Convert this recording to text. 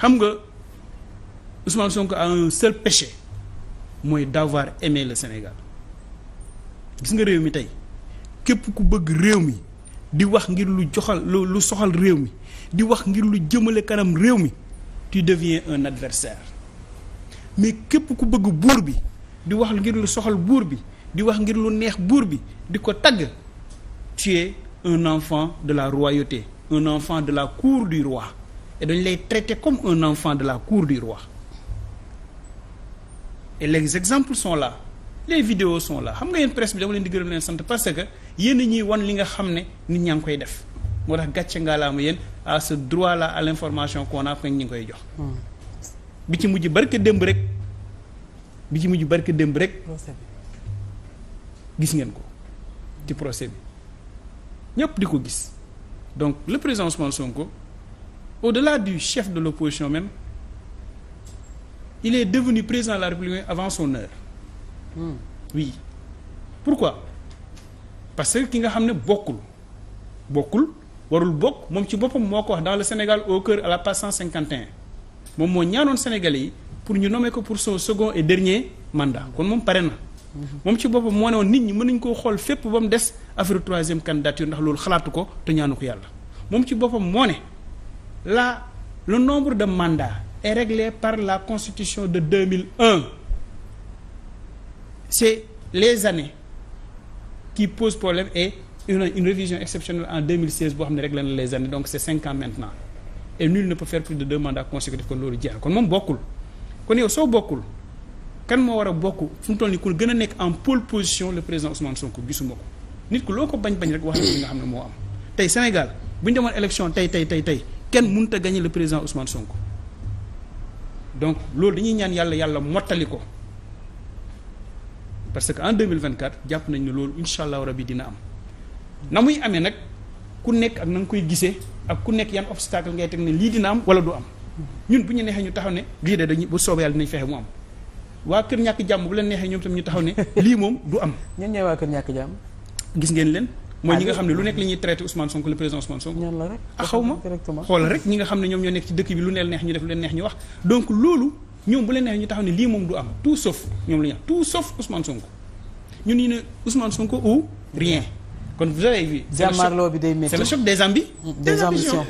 xam nga Ousmane Sonko a un seul péché mooy d'avoir aimé le Sénégal gis nga réew mi tey képp ku bëgg réew mi di wax ngir lu joxal lu soxal réew mi di wax ngir lu jëmale kanam réew mi tu deviens un adversaire mais képp ku bëgg buur bi di wax ngir lu soxal buur bi di wax ngir lu neex buur bi di ko tagg tu es un enfant de la royauté un enfant de la cour du roi et dañu lay traiter comme un enfant de la cour du roi et les exemples sont là les video son la xam nga yéen presse bi dama leen di gërëm leen sant parce que yéen a ñuy wan li nga xam ne nit ñaa ngi koy def moo tax gàcce ngaalaama yéen à ce droit là à l' information qu'on a ñu ngi koy jox. bi ci mujj barke démb rek bi ci mujj barke démb rek. gis ngeen ko ci procès bi ñëpp di ko gis donc le président Ousmane Sonko. au la du chef de l'opposition même il est devenu président la République avant son heure mm. pourquoi parce que ki nga xam ne bokkul bokkul warul bokk moom ci boppam moo ko wax dans le Sénégal au cœur à la cinquante 151 moom moo ñaanoon Sénégalais yi pour ñu nommer ko pour so second et dernier mandat kon moom pare na hmm. moom ci boppam moo ne woon nit ñi mën nañ koo xool fépp ba mu des affaire troisième candidature ndax loolu xalaatu ko te ñaanu ko yàlla ci boppam moo ne là le nombre de mandats est réglé par la constitution de 2001 c'est les années qui posent problème et une une révision exceptionnelle en 2016 boo xam ne réglé na les années donc c'est cinq ans maintenant et nul ne peut faire plus de deux mandats consécutifs kon loolu jeex kon moom bokkul kon yow soo bokkul kan moo war a bokk fu mu toll nii ku gën a nekk en pôle position le président Ousmane Sonko gisuma ko loo ko bañ bañ rek wax na li nga xam ne moo am tey Sénégal bu ñu demoon élection tey tey tey tey. kenn mënut a gagner le président Ousmane Sonko donc loolu dañuy ñaan yàlla yàlla mottali ko parce que en vingt 2024 jàpp nañ ne loolu incha allahu rabi dina am na muy amee nag ku nekk ak na nga koy gisee ak ku nekk yan obstacle ngay teg ne lii dina am wala du am ñun bu ñu neexee ñu taxaw ne lii de dañuy bu soobee yàlla dinañ fexe mu am waa kër ñàkk jàmm bu leen neexee ñoom tam ñu taxaw ne lii moom du am. ñun ñooy waa kër ñàkk jàmm. gis ngeen leen. mooy ñi ah, nga xam ne lu nekk li ñuy traité Ousmane Sonko le président Ousmane Sonko. ñan la rek ah xaw ma rek ñi nga xam ne ñoom ñoo nekk ci dëkk bi lu leen neex ñu def lu leen neex ñu wax donc loolu ñoom bu leen neex ñu taxaw ne lii moom du am tout sauf ñoom la ñu tout sauf Ousmane Sonko ñun ñu ne Ousmane Sonko ou rien kon vous avez vu. jàmmaarloo bi day métti c'est le choc des ambi des ambitions